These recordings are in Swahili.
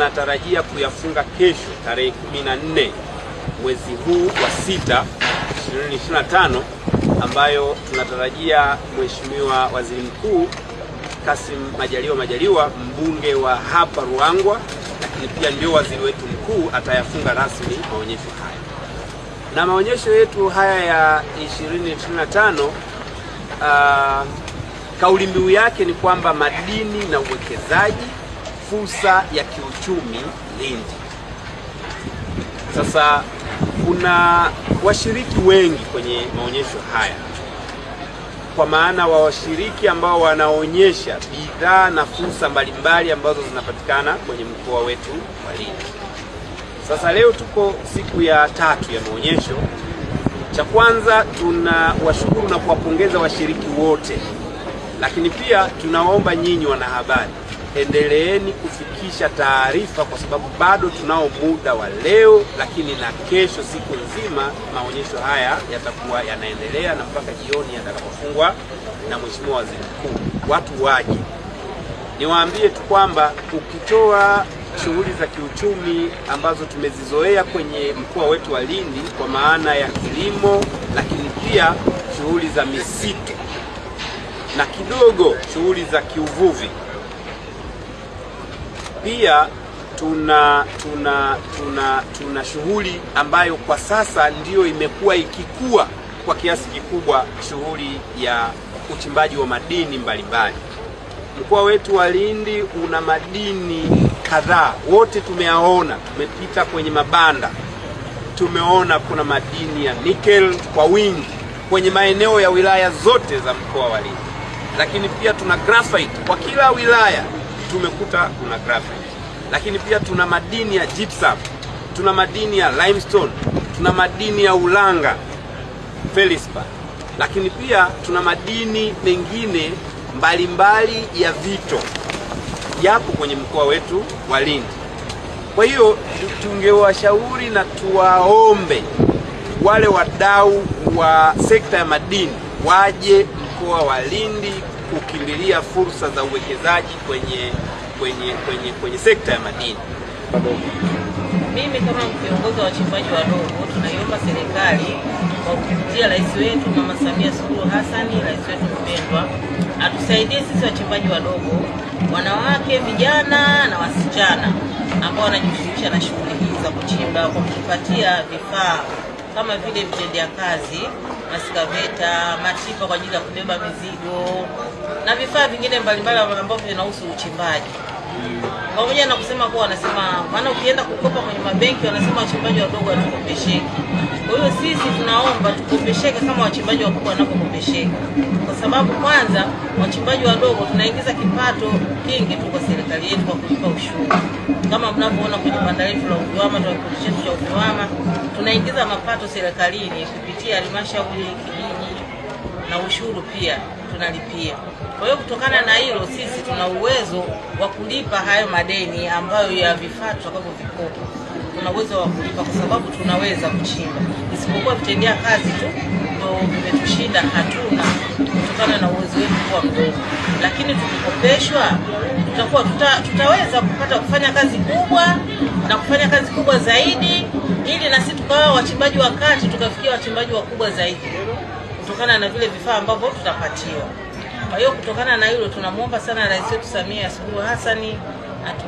tunatarajia kuyafunga kesho tarehe 14 mwezi huu wa sita 2025 ambayo tunatarajia Mheshimiwa Waziri Mkuu Kassim Majaliwa Majaliwa, mbunge wa hapa Ruangwa, lakini pia ndio waziri wetu mkuu, atayafunga rasmi maonyesho haya. Na maonyesho yetu haya ya 2025 uh, ah, kauli mbiu yake ni kwamba madini na uwekezaji fursa ya kiuchumi Lindi. Sasa kuna washiriki wengi kwenye maonyesho haya, kwa maana wa washiriki ambao wanaonyesha bidhaa na fursa mbalimbali ambazo zinapatikana kwenye mkoa wetu wa Lindi. Sasa leo tuko siku ya tatu ya maonyesho. Cha kwanza tunawashukuru na kuwapongeza washiriki wote, lakini pia tunawaomba nyinyi wanahabari endeleeni kufikisha taarifa, kwa sababu bado tunao muda wa leo, lakini na kesho, siku nzima maonyesho haya yatakuwa yanaendelea na mpaka jioni yatakapofungwa na Mheshimiwa Waziri Mkuu. Watu waje, niwaambie tu kwamba ukitoa shughuli za kiuchumi ambazo tumezizoea kwenye mkoa wetu wa Lindi kwa maana ya kilimo, lakini pia shughuli za misitu na kidogo shughuli za kiuvuvi pia tuna tuna tuna tuna shughuli ambayo kwa sasa ndiyo imekuwa ikikua kwa kiasi kikubwa, shughuli ya uchimbaji wa madini mbalimbali. Mkoa wetu wa Lindi una madini kadhaa, wote tumeyaona, tumepita kwenye mabanda, tumeona kuna madini ya nikel kwa wingi kwenye maeneo ya wilaya zote za mkoa wa Lindi, lakini pia tuna graphite kwa kila wilaya tumekuta kuna graphite, lakini pia tuna madini ya gypsum, tuna madini ya limestone, tuna madini ya ulanga felispa, lakini pia tuna madini mengine mbalimbali ya vito yapo kwenye mkoa wetu wa Lindi. Kwa hiyo tungewashauri na tuwaombe wale wadau wa sekta ya madini waje mkoa wa Lindi kukimbilia fursa za uwekezaji kwenye kwenye kwenye kwenye sekta ya madini. Mimi kama mkiongozi wa wachimbaji wadogo, tunaiomba serikali kwa kupitia rais wetu Mama Samia Suluhu Hassan, rais wetu mpendwa, atusaidie sisi wachimbaji wadogo, wanawake, vijana na wasichana ambao wanajishughulisha na shughuli hizi za kuchimba kwa kutupatia vifaa kama vile vitendea kazi maskaveta, machipa kwa ajili ya kubeba mizigo na vifaa vingine mbalimbali ambavyo vinahusu uchimbaji pamoja na kusema kuwa wanasema, maana ukienda kukopa kwenye mabenki wanasema wachimbaji wadogo hatukopesheki. Kwa hiyo sisi tunaomba tukopesheke kama wachimbaji wakubwa wanapokopesheka, kwa sababu kwanza wachimbaji wadogo tunaingiza kipato kingi tu kwa serikali yetu kwa kulipa ushuru. Kama mnavyoona kwenye banda letu la Uviwama, tuna kikundi chetu cha Uviwama, tunaingiza mapato serikalini kupitia halmashauri, kijiji na ushuru pia tunalipia. Kwa hiyo kutokana na hilo, sisi tuna uwezo wa kulipa hayo madeni ambayo ya vifaa tutakavyovikopa, tuna uwezo wa kulipa kwa sababu tunaweza kuchimba, isipokuwa vitendea kazi tu ndio vimetushinda, hatuna kutokana na uwezo wetu kuwa mdogo, lakini tukikopeshwa tutakuwa tuta, tutaweza kupata kufanya kazi kubwa na kufanya kazi kubwa zaidi, ili na sisi tukawa wachimbaji wa kati tukafikia wachimbaji wakubwa zaidi kutokana na vile vifaa ambavyo tutapatiwa. Kwa hiyo kutokana na hilo, tunamwomba sana Rais wetu Samia Suluhu Hassan atu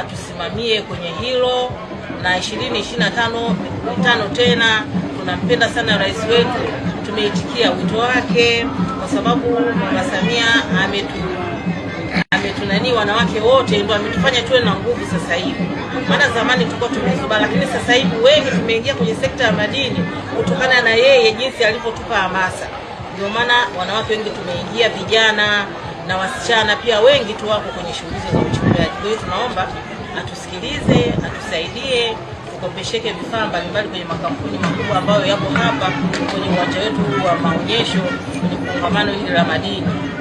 atusimamie kwenye hilo na 2025 ishirini tano mitano tena. Tunampenda sana rais wetu, tumeitikia wito wake kwa sababu Mama Samia ametu nani wanawake wote ndio ametufanya tuwe na nguvu sasa hivi, maana zamani tulikuwa tumezuba, lakini sasa hivi wengi tumeingia kwenye sekta ya madini kutokana na yeye jinsi alivyotupa hamasa. Ndio maana wanawake wengi tumeingia, vijana na wasichana pia wengi tu wako kwenye shughuli za uchimbaji. Kwa hiyo tunaomba atusikilize, atusaidie tukopesheke vifaa mbalimbali kwenye makampuni makubwa ambayo yapo hapa kwenye uwanja wetu wa maonyesho kwenye kongamano hili la madini.